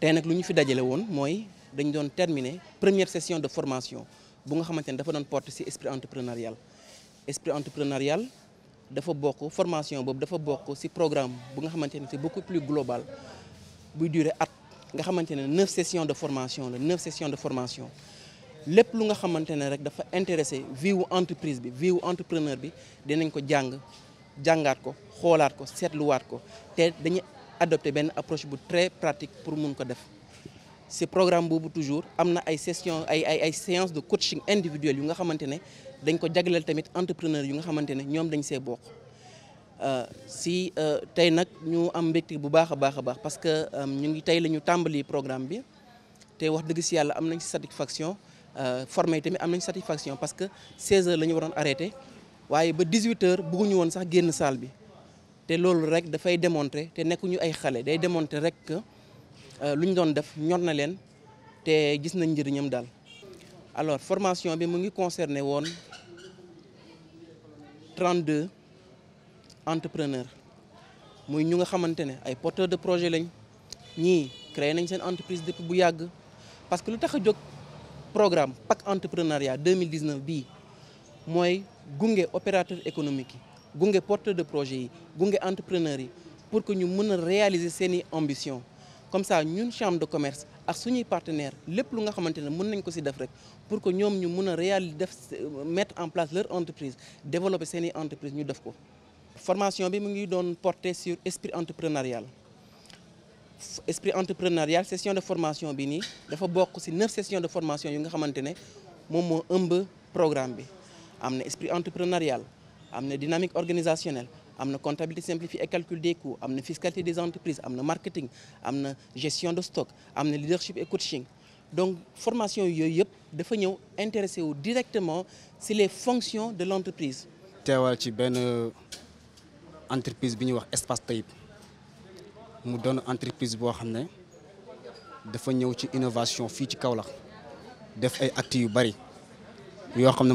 tey nak luñu fi dajalé won moy dañ doon terminer première session de formation bu nga xamante dafa doon porter ci esprit entrepreneurial esprit entrepreneurial dafa bokk formation bobu dafa bokk ci programme bu nga xamante c'est beaucoup plus global buy duré at nga xamante neuf sessions de formation la neuf sessions de formation lépp lu nga xamante rek dafa intéresser vie entreprise bi vie entrepreneur bi dinañ ko jang jangat ko xoolaat ko seetluwaat ko Té dañu adopté une approche très pratique pour mun ko def programme est toujours une ay session ay séance de coaching individuel Nous nga xamante ne dañ ko jagleel tamit entrepreneur yu nga euh, si euh, nous sommes ñu am parce que nous avons fait le programme nous avons une satisfaction euh, formé tamit une satisfaction parce que 16 heures nous avons arrêté Mais ba 18 heures nous avons sax génn salle te loolu rek nous démontrer te nekkuñu ay xale day démontrer rek que a euh, ñu doon def ñor na leen te gis nañ njëriñam Alors, alors formation bi concerné 32 entrepreneurs muy sont nga porteurs de projet Ils ont créé une entreprise depuis bu parce que le programme PAC entrepreneuriat 2019 est un opérateur économique gunge porteur de projet yi projets, entrepreneur pour que nous puissions réaliser seeni ambitions. comme ça ñun chambre de commerce ak suñuy partenaires nous lu nga xamante nous pour que nous puissions mettre en place leur entreprise développer notre entreprise La formation bi mu sur l'esprit entrepreneurial esprit entrepreneurial session de formation il faut dafa 9 neuf sessions de formation que nga un programme bi esprit entrepreneurial amener dynamique organisationnelle amener comptabilité simplifiée et calcul des coûts amener fiscalité des entreprises amener marketing amener gestion de stock amener leadership et coaching donc formation yoyep dafa intéressé directement sur les fonctions de l'entreprise téwal ci ben entreprise bi est wax espace type mu entreprise qui xamné dafa ñëw ci innovation fi ci kaolax def ay actes yu bari yoo xamné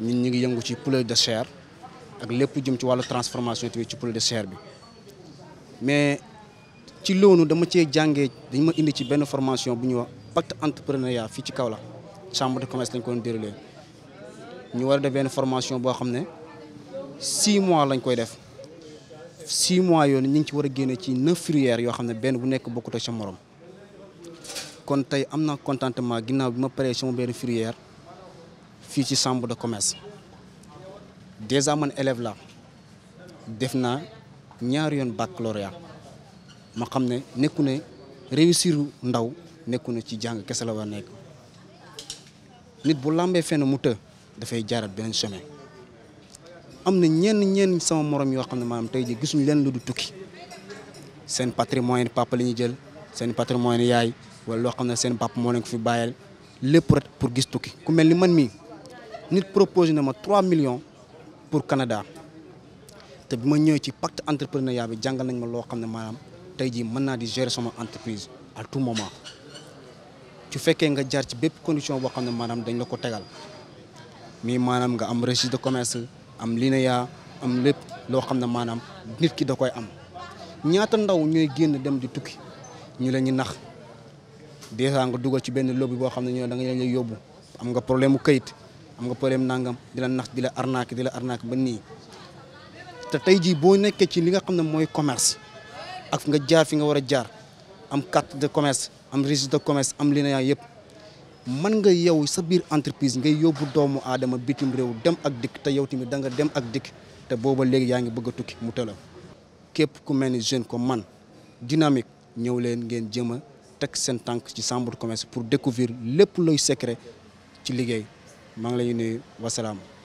ñun ñu ngi yëngu ci poulet de chair ak lépp jëm ci wàllu transformation tamit ci poulet de chair bi mais ci loolu dama cee jàngee dañ ma indi ci benn formation bu ñuy wax pacte entrepreneuriat fii ci Kaolack chambre de commerce ko doon ñu war a def benn formation boo xam ne six mois lañ koy def six mois yoonu ñu ngi ci war a génne ci neuf filières yoo xam ne benn bu nekk bokkut ak sa morom kon tey am na kontantement ginnaaw bi ma paree sama benn filière. fii ci chambre de commerce déjà man élève la def naa ñaar yoon baccalauréat ma xam ne nekku ne réussir ndaw nekku ne ci jàng kese la war nekk nit bu làmbee fenn mu të dafay jaarat benn chemin am na ñenn ñenn sama morom yoo xam ne maanaam tey ji gisuñu leen lu du tukki seen patrimoine papa la ñuy jël seen patrimoine yaay wala loo xam ne seen papa moo leen ko fi bàyyeel lépp rek pour gis tukki ku mel ni man mii nit proposé na ma trois millions pour Canada te bi ma ñëwee ci pacte entrepreneuriat bi jàngal nañ ma loo xam ne maanaam tey jii mën naa di gérer sama entreprise à tout moment su fekkee nga jaar ci bépp condition boo xam ne maanaam dañ la ko tegal mais maanaam nga am registre de commerce am linéa am lépp loo xam ne maanaam nit ki da koy am ñaata ndaw ñooy génn dem di tukki ñu la ñu nax dèjà nga dugal ci benn lobby boo xam ne ñoo ne da nga leen yóbbu am nga problème mu kayit. am nga problème nangam di la nax di la arnaque di la arnaque ba nii te tey jii boo nekkee ci li nga xam ne mooy commerce ak nga jaar fi nga war a jaar am carte de commerce am registre de commerce am linéa yëpp mën nga yow sa biir entreprise ngay yóbbu doomu aadama bitim réew dem ak dikk te yow tamit da nga dem ak dikk te booba léegi yaa ngi bëgg a tukki mu tëla képp ku mel ni jeune comme man dynamique ñëw leen ngeen jëm a teg seen tànk ci chambre de pour découvrir lépp looy secret ci liggéey maa ngi lay nuyu wasalaam.